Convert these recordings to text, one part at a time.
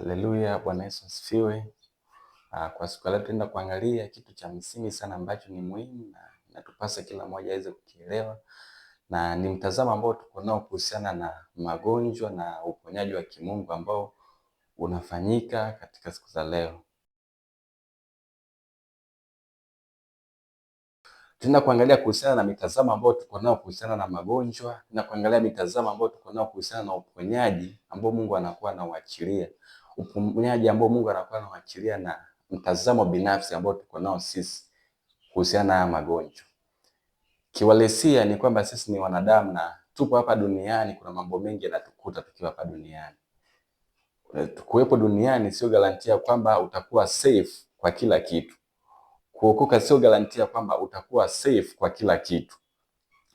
Haleluya, Bwana Yesu asifiwe. Kwa siku ya leo tutaenda kuangalia kitu cha msingi sana ambacho ni muhimu na inatupasa kila mmoja aweze kukielewa, na ni mtazamo ambao tuko nao kuhusiana na magonjwa na uponyaji wa kimungu ambao unafanyika katika siku za leo. Tuna kuangalia kuhusiana na mitazamo ambayo tuko nao kuhusiana na magonjwa na kuangalia mitazamo ambayo tuko nao kuhusiana na uponyaji ambao Mungu anakuwa anauachilia upumuaji ambao Mungu anakuwa anawachilia na mtazamo binafsi ambao tuko nao sisi kuhusiana na haya magonjwa. Kiwalesia ni kwamba sisi ni wanadamu na tupo hapa duniani, kuna mambo mengi yanatukuta tukiwa hapa duniani. Eh, kuwepo duniani sio garantia kwamba utakuwa safe kwa kila kitu. Kuokoka sio garantia kwamba utakuwa safe kwa kila kitu.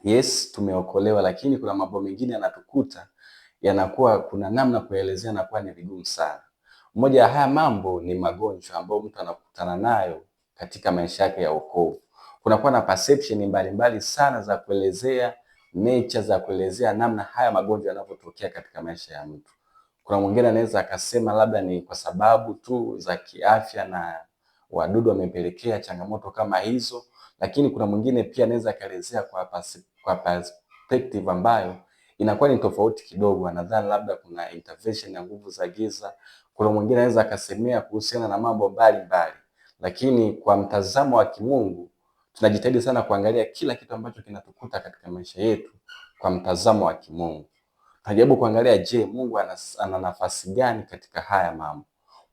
Yes, tumeokolewa lakini kuna mambo mengine yanatukuta yanakuwa kuna namna kuelezea, nakuwa ni vigumu sana. Moja ya haya mambo ni magonjwa ambayo mtu anakutana nayo katika maisha yake ya wokovu. Kunakuwa na perception mbalimbali mbali sana za kuelezea nature, za kuelezea namna haya magonjwa yanapotokea katika maisha ya mtu. Kuna mwingine anaweza akasema labda ni kwa sababu tu za kiafya na wadudu wamepelekea changamoto kama hizo, lakini kuna mwingine pia anaweza akaelezea kwa kwa perspective ambayo inakuwa ni tofauti kidogo. Anadhani labda kuna intervention ya nguvu za giza, kuna mwingine anaweza akasemea kuhusiana na mambo mbalimbali, lakini kwa mtazamo wa kimungu tunajitahidi sana kuangalia kila kitu ambacho kinatukuta katika maisha yetu kwa mtazamo wa kimungu. Tunajaribu kuangalia, je, Mungu ana nafasi gani katika haya mambo?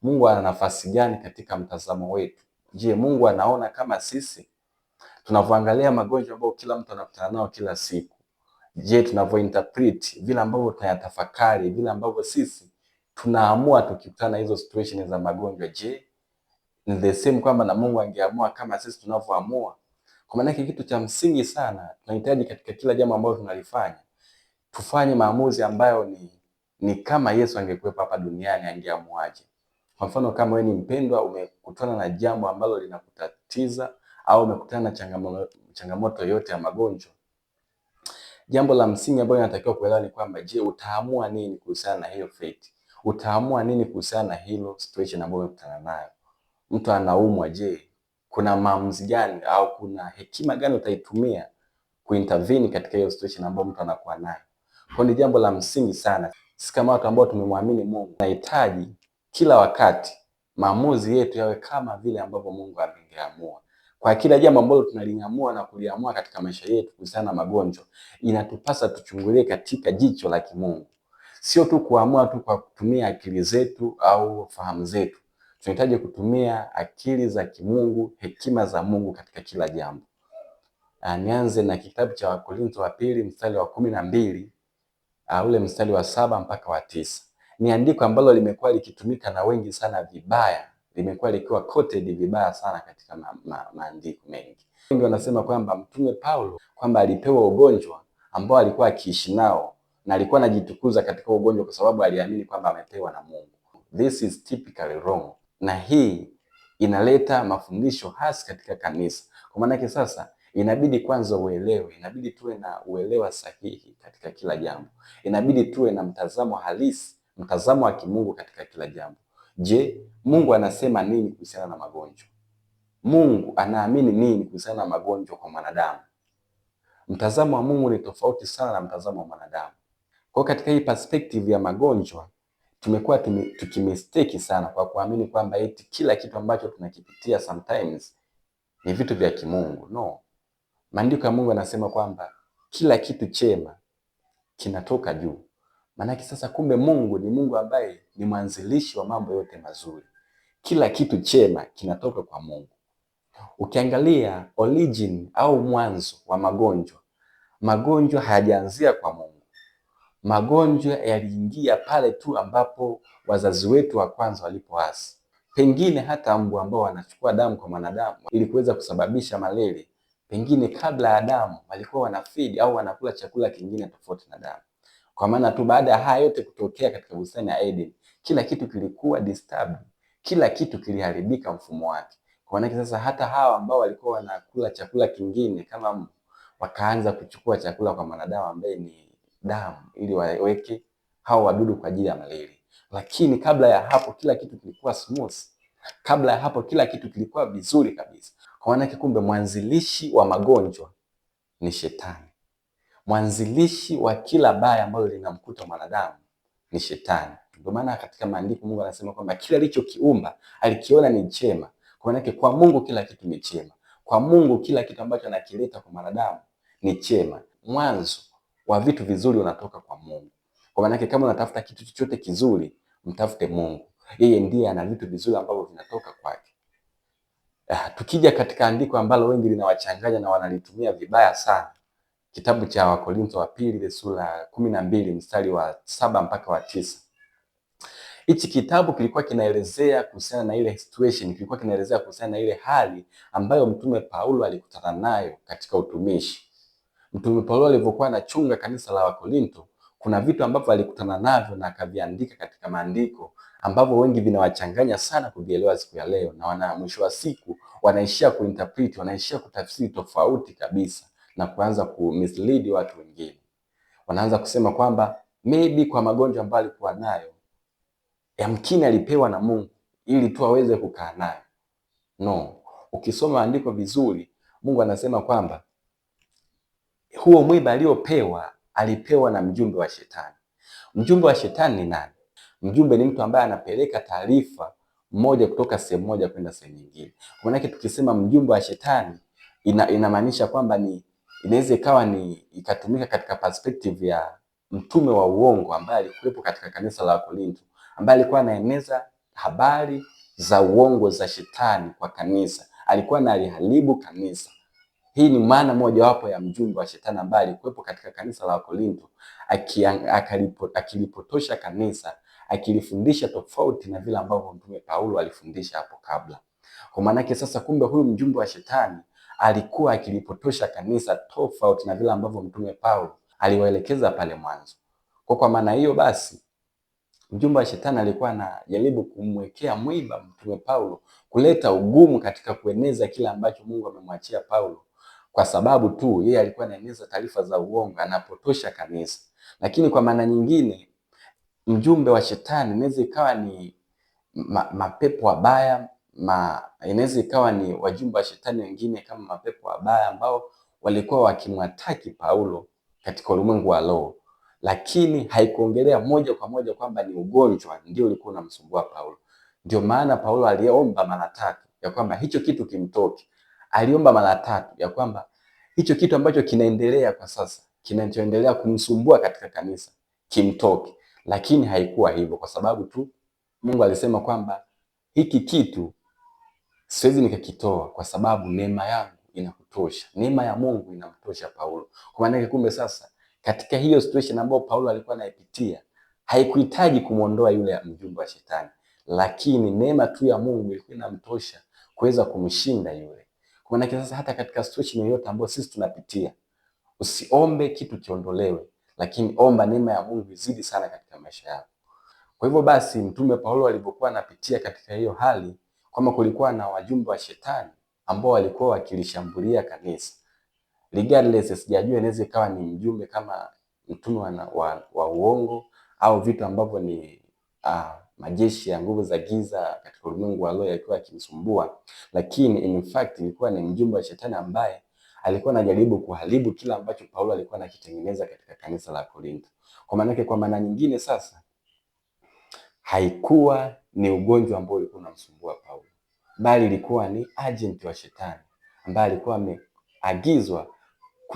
Mungu ana nafasi gani katika mtazamo wetu? Je, Mungu anaona kama sisi tunavyoangalia magonjwa ambayo kila mtu anakutana nao kila siku? Je, tunavyointerpret vile ambavyo tunayatafakari, vile ambavyo sisi tunaamua tukikutana hizo situation za magonjwa. Je, ni the same kwamba na Mungu angeamua kama sisi tunavyoamua? Kwa maana yake kitu cha msingi sana tunahitaji katika kila jambo ambalo tunalifanya tufanye maamuzi ambayo ni, ni kama Yesu angekuwepo hapa duniani angeamuaje? Kwa mfano kama wewe ni mpendwa, umekutana na jambo ambalo linakutatiza au umekutana na changamoto, changamoto yote ya magonjwa, jambo la msingi ambalo inatakiwa kuelewa ni kwamba, je, utaamua nini kuhusiana na hiyo fate? utaamua nini kuhusiana na hilo situation ambayo umekutana nayo. Mtu anaumwa, je, kuna maamuzi gani au kuna hekima gani utaitumia kuintervene katika hiyo situation ambayo mtu anakuwa nayo? Kwa ni jambo la msingi sana. Sisi kama watu ambao tumemwamini Mungu, tunahitaji kila wakati maamuzi yetu yawe kama vile ambavyo Mungu alingeamua. Kwa kila jambo ambalo tunaliamua na kuliamua katika maisha yetu kuhusiana na magonjwa, inatupasa tuchungulie katika jicho la kimungu sio tu kuamua tu kwa kutumia akili zetu au fahamu zetu. Tunahitaji kutumia akili za kimungu, hekima za Mungu katika kila jambo. Ah, nianze na kitabu cha Wakorintho wa pili mstari wa kumi na mbili ah, ule mstari wa saba mpaka wa tisa. Ni andiko ambalo limekuwa likitumika na wengi sana vibaya, limekuwa likiwa quoted vibaya sana katika ma, ma, maandiko mengi. Wengi wanasema kwamba Mtume Paulo kwamba alipewa ugonjwa ambao alikuwa akiishi nao na alikuwa anajitukuza katika ugonjwa kwa sababu aliamini kwamba amepewa na Mungu. This is typically wrong, na hii inaleta mafundisho hasi katika kanisa. Kwa maanake sasa inabidi kwanza uelewe, inabidi tuwe na uelewa sahihi katika kila jambo, inabidi tuwe na mtazamo halisi, mtazamo wa kimungu katika kila jambo. Je, Mungu anasema nini kuhusiana na magonjwa? Mungu anaamini nini kuhusiana na magonjwa kwa mwanadamu? Mtazamo wa Mungu ni tofauti sana na mtazamo wa mwanadamu. Kwa katika hii perspective ya magonjwa tumekuwa tukimisteki sana kwa kuamini kwamba eti kila kitu ambacho tunakipitia sometimes ni vitu vya kimungu. No, maandiko ya Mungu yanasema kwamba kila kitu chema kinatoka juu. Maanake sasa, kumbe Mungu ni Mungu ambaye ni mwanzilishi wa mambo yote mazuri. Kila kitu chema kinatoka kwa Mungu. Ukiangalia origin au mwanzo wa magonjwa, magonjwa hayajaanzia kwa Mungu, Magonjwa yaliingia pale tu ambapo wazazi wetu wa kwanza walipoasi, pengine hata mbu ambao wanachukua damu kwa mwanadamu ili kuweza kusababisha malaria, pengine kabla ya damu walikuwa wanafidi au wanakula chakula kingine tofauti na damu. Kwa maana tu baada ya haya yote kutokea katika bustani ya Eden, kila kitu kilikuwa disturbed, kila kitu kiliharibika mfumo wake. Kwa maana sasa hata hawa ambao walikuwa wanakula chakula kingine kama mbu, wakaanza kuchukua chakula kwa mwanadamu ambaye ni damu ili waweke hao wadudu kwa ajili ya malaria. Lakini kabla ya hapo kila kitu kilikuwa smooth. Kabla ya hapo kila kitu kilikuwa vizuri kabisa. Kwa maana kumbe mwanzilishi wa magonjwa ni shetani. Mwanzilishi wa kila baya ambalo linamkuta mwanadamu ni shetani. Ndio maana katika maandiko Mungu anasema kwamba kila alichokiumba alikiona ni chema. Kwa maana kwa Mungu kila kitu ni chema. Kwa Mungu kila kitu ambacho anakileta kwa mwanadamu ni chema. Mwanzo wa vitu vizuri unatoka kwa Mungu. Kwa maana kama unatafuta kitu chochote kizuri, mtafute Mungu. Yeye ndiye ana vitu vizuri ambavyo vinatoka kwake. Ah, tukija katika andiko ambalo wengi linawachanganya na wanalitumia vibaya sana, kitabu cha Wakorintho wa pili ile sura ya kumi na mbili mstari wa saba mpaka wa tisa. Hichi kitabu kilikuwa kinaelezea kuhusiana na ile situation, kilikuwa kinaelezea kuhusiana na ile hali ambayo mtume Paulo alikutana nayo katika utumishi Mtume Paulo alivyokuwa anachunga kanisa la Wakorinto, kuna vitu ambavyo alikutana navyo na akaviandika katika maandiko ambavyo wengi vinawachanganya sana kuvielewa siku ya leo, na wana mwisho wa siku wanaishia kuinterpret, wanaishia kutafsiri tofauti kabisa na kuanza ku mislead watu wengine. Wanaanza kusema kwamba maybe kwa magonjwa ambayo alikuwa nayo yamkini alipewa na Mungu ili tu aweze kukaa nayo. No, ukisoma andiko vizuri, Mungu anasema kwamba huo mwiba aliopewa alipewa na mjumbe wa shetani. Mjumbe wa shetani ni nani? Mjumbe ni mtu ambaye anapeleka taarifa moja kutoka sehemu moja kwenda sehemu nyingine. Maanake tukisema mjumbe wa shetani ina, inamaanisha kwamba ni inaweza ikawa ni ikatumika katika perspective ya mtume wa uongo ambaye alikuwepo katika kanisa la Korinto, ambaye alikuwa anaeneza habari za uongo za shetani kwa kanisa, alikuwa analiharibu kanisa. Hii ni maana mojawapo ya mjumbe wa shetani ambaye alikuwepo katika kanisa la Wakorinto akilipotosha kanisa, akilifundisha tofauti na vile ambavyo mtume Paulo alifundisha hapo kabla. Kwa maanake sasa, kumbe huyu mjumbe wa shetani alikuwa akilipotosha kanisa tofauti na vile ambavyo mtume Paulo aliwaelekeza pale mwanzo. Kwa kwa maana hiyo basi, mjumbe wa shetani alikuwa anajaribu kumwekea mwiba mtume Paulo, kuleta ugumu katika kueneza kile ambacho Mungu amemwachia Paulo kwa sababu tu yeye alikuwa anaeneza taarifa za uongo, anapotosha kanisa. Lakini kwa maana nyingine, mjumbe wa shetani inaweza ikawa ni ma, mapepo wabaya ma, inaweza ikawa ni wajumbe wa shetani wengine kama mapepo wabaya ambao walikuwa wakimwataki Paulo katika ulimwengu wa roho, lakini haikuongelea moja kwa moja kwamba ni ugonjwa ndio ulikuwa unamsumbua Paulo. Ndio maana Paulo aliomba mara tatu ya kwamba hicho kitu kimtoke, aliomba mara tatu ya kwamba hicho kitu ambacho kinaendelea kwa sasa kinachoendelea kumsumbua katika kanisa kimtoke, lakini haikuwa hivyo, kwa sababu tu Mungu alisema kwamba hiki kitu siwezi nikakitoa kwa sababu neema yangu inakutosha, neema ya Mungu inamtosha Paulo. Kwa maana kumbe sasa katika hiyo situation ambayo Paulo alikuwa anaipitia haikuhitaji kumwondoa yule mjumbe wa shetani, lakini neema tu ya Mungu ilikuwa inamtosha kuweza kumshinda yule. Maanake sasa hata katika situation yoyote ambayo sisi tunapitia, usiombe kitu kiondolewe, lakini omba neema ya Mungu izidi sana katika maisha yako. Kwa hivyo basi, Mtume Paulo alipokuwa anapitia katika hiyo hali, kama kulikuwa na wajumbe wa shetani ambao walikuwa wakilishambulia kanisa, regardless, sijajua inaweza ikawa ni mjumbe kama mtume wa, wa uongo au vitu ambavyo ni uh, majeshi ya nguvu za giza katika ulimwengu wa roho yalikuwa yakimsumbua, lakini in fact ilikuwa ni mjumbe wa shetani ambaye alikuwa anajaribu kuharibu kila ambacho Paulo alikuwa anakitengeneza katika kanisa la Korintho. Kwa maana kwa maana nyingine sasa haikuwa ni ugonjwa ambao ulikuwa unamsumbua Paulo, bali ilikuwa ni agent wa shetani ambaye alikuwa ameagizwa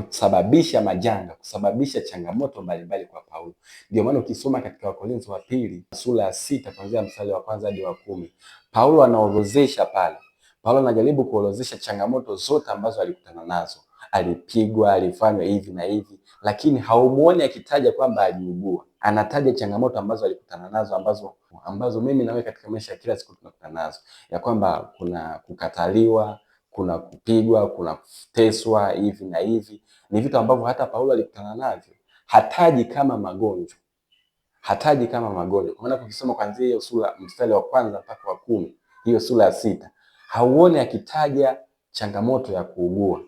kusababisha majanga, kusababisha changamoto mbalimbali kwa Paulo. Ndio maana ukisoma katika Wakorintho wa pili sura ya sita kuanzia mstari wa kwanza hadi wa kumi Paulo anaorozesha pale. Paulo anajaribu kuorozesha changamoto zote ambazo alikutana nazo, alipigwa, alifanywa hivi na hivi, lakini haumuoni akitaja kwamba aliugua. Anataja changamoto ambazo alikutana nazo ambazo ambazo mimi nawe katika maisha ya kila siku tunakutana nazo, ya kwamba kuna kukataliwa kuna kupigwa, kuna kuteswa hivi na hivi. Ni vitu ambavyo hata Paulo alikutana navyo, hataji kama magonjwa, hataji kama magonjwa. Maana ukisoma kuanzia hiyo sura mstari wa kwanza mpaka wa kumi, hiyo sura ya sita, hauone akitaja changamoto ya kuugua,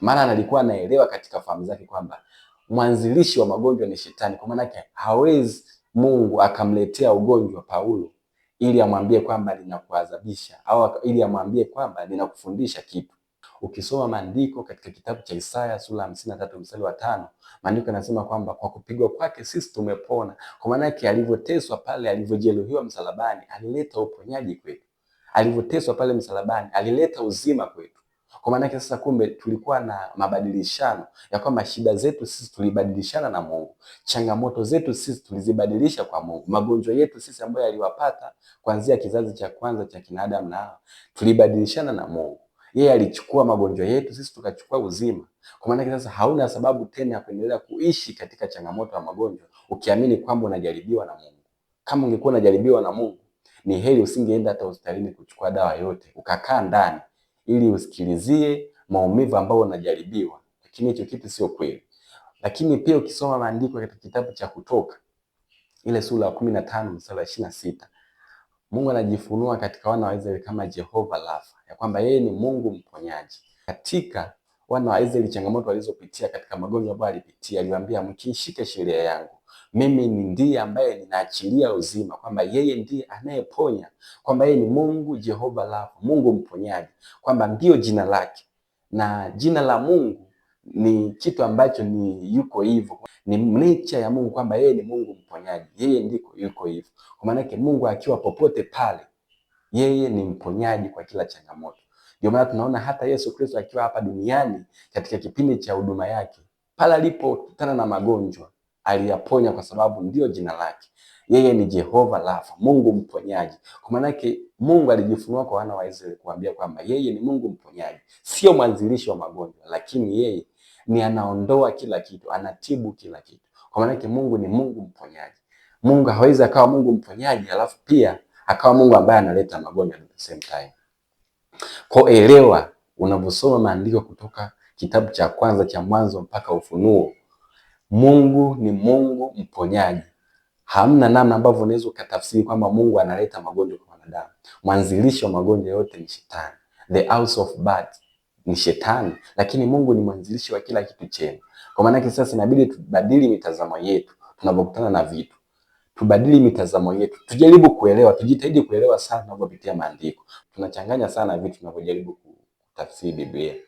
maana alikuwa anaelewa katika fahamu zake kwamba mwanzilishi wa magonjwa ni Shetani. Kwa maana yake hawezi Mungu akamletea ugonjwa Paulo ili amwambie kwamba ninakuadhabisha au ili amwambie kwamba ninakufundisha kitu. Ukisoma maandiko katika kitabu cha Isaya sura hamsini na tatu mstari wa tano, maandiko yanasema kwamba kwa kupigwa kwake sisi tumepona. Kwa maana yake alivyoteswa pale, alivyojeruhiwa msalabani, alileta uponyaji kwetu. Alivyoteswa pale msalabani, alileta uzima kwetu. Kwa maana yake sasa, kumbe tulikuwa na mabadilishano ya kwamba shida zetu sisi tulibadilishana na Mungu, changamoto zetu sisi tulizibadilisha kwa Mungu, magonjwa yetu sisi ambayo yaliwapata kuanzia kizazi cha kwanza cha kinadamu na hawa tulibadilishana na Mungu. Yeye alichukua magonjwa yetu, sisi tukachukua uzima. Kwa maana sasa hauna sababu tena ya kuendelea kuishi katika changamoto ya magonjwa ukiamini kwamba unajaribiwa na Mungu. Kama ungekuwa unajaribiwa na Mungu, ni heri usingeenda hata hospitalini kuchukua dawa yote, ukakaa ndani ili usikilizie maumivu ambayo unajaribiwa, lakini hicho kitu sio kweli. Lakini pia ukisoma maandiko katika kitabu cha Kutoka ile sura ya kumi na tano mstari wa ishirini na sita Mungu anajifunua katika wana wa Israeli kama Jehova Rafa, ya kwamba yeye ni Mungu mponyaji katika wana wa Israeli changamoto walizopitia katika magonjwa ambayo alipitia, aliwaambia mkishike sheria yangu mimi ni ndiye ambaye ninaachilia uzima, kwamba yeye ndiye anayeponya, kwamba yeye ni Mungu Jehova Rafa, Mungu mponyaji, kwamba ndio jina lake na jina la Mungu ni kitu ambacho ni yuko hivyo, ni nature ya Mungu kwamba yeye ni Mungu mponyaji, yeye ndiko yuko hivyo. Kwa maana yake Mungu akiwa popote pale, yeye ni mponyaji kwa kila changamoto. Ndio maana tunaona hata Yesu Kristo akiwa hapa duniani katika kipindi cha huduma yake, pale alipokutana na magonjwa aliyaponya, kwa sababu ndio jina lake. Yeye ni Jehova Rafa, Mungu mponyaji. Kwa maana yake Mungu alijifunua kwa wana wa Israeli kuambia kwamba yeye ni Mungu mponyaji, sio mwanzilishi wa magonjwa, lakini yeye ni anaondoa kila kitu, anatibu kila kitu. Kwa maana yake Mungu ni Mungu mponyaji. Mungu hawezi akawa Mungu mponyaji alafu pia akawa Mungu ambaye analeta magonjwa at the same time. Kwa elewa, unavyosoma maandiko kutoka kitabu cha kwanza cha Mwanzo mpaka Ufunuo, Mungu ni Mungu mponyaji. Hamna namna ambavyo unaweza ukatafsiri kwamba Mungu analeta magonjwa kwa wanadamu. Mwanzilishi wa magonjwa yote ni Shetani, the house of bad ni Shetani, lakini Mungu ni mwanzilishi wa kila kitu chema. Kwa maana yake sasa inabidi tubadili mitazamo yetu tunapokutana na vitu tubadili mitazamo yetu, tujaribu kuelewa, tujitahidi kuelewa sana tunavyopitia maandiko. Tunachanganya sana vitu tunavyojaribu kutafsiri Biblia.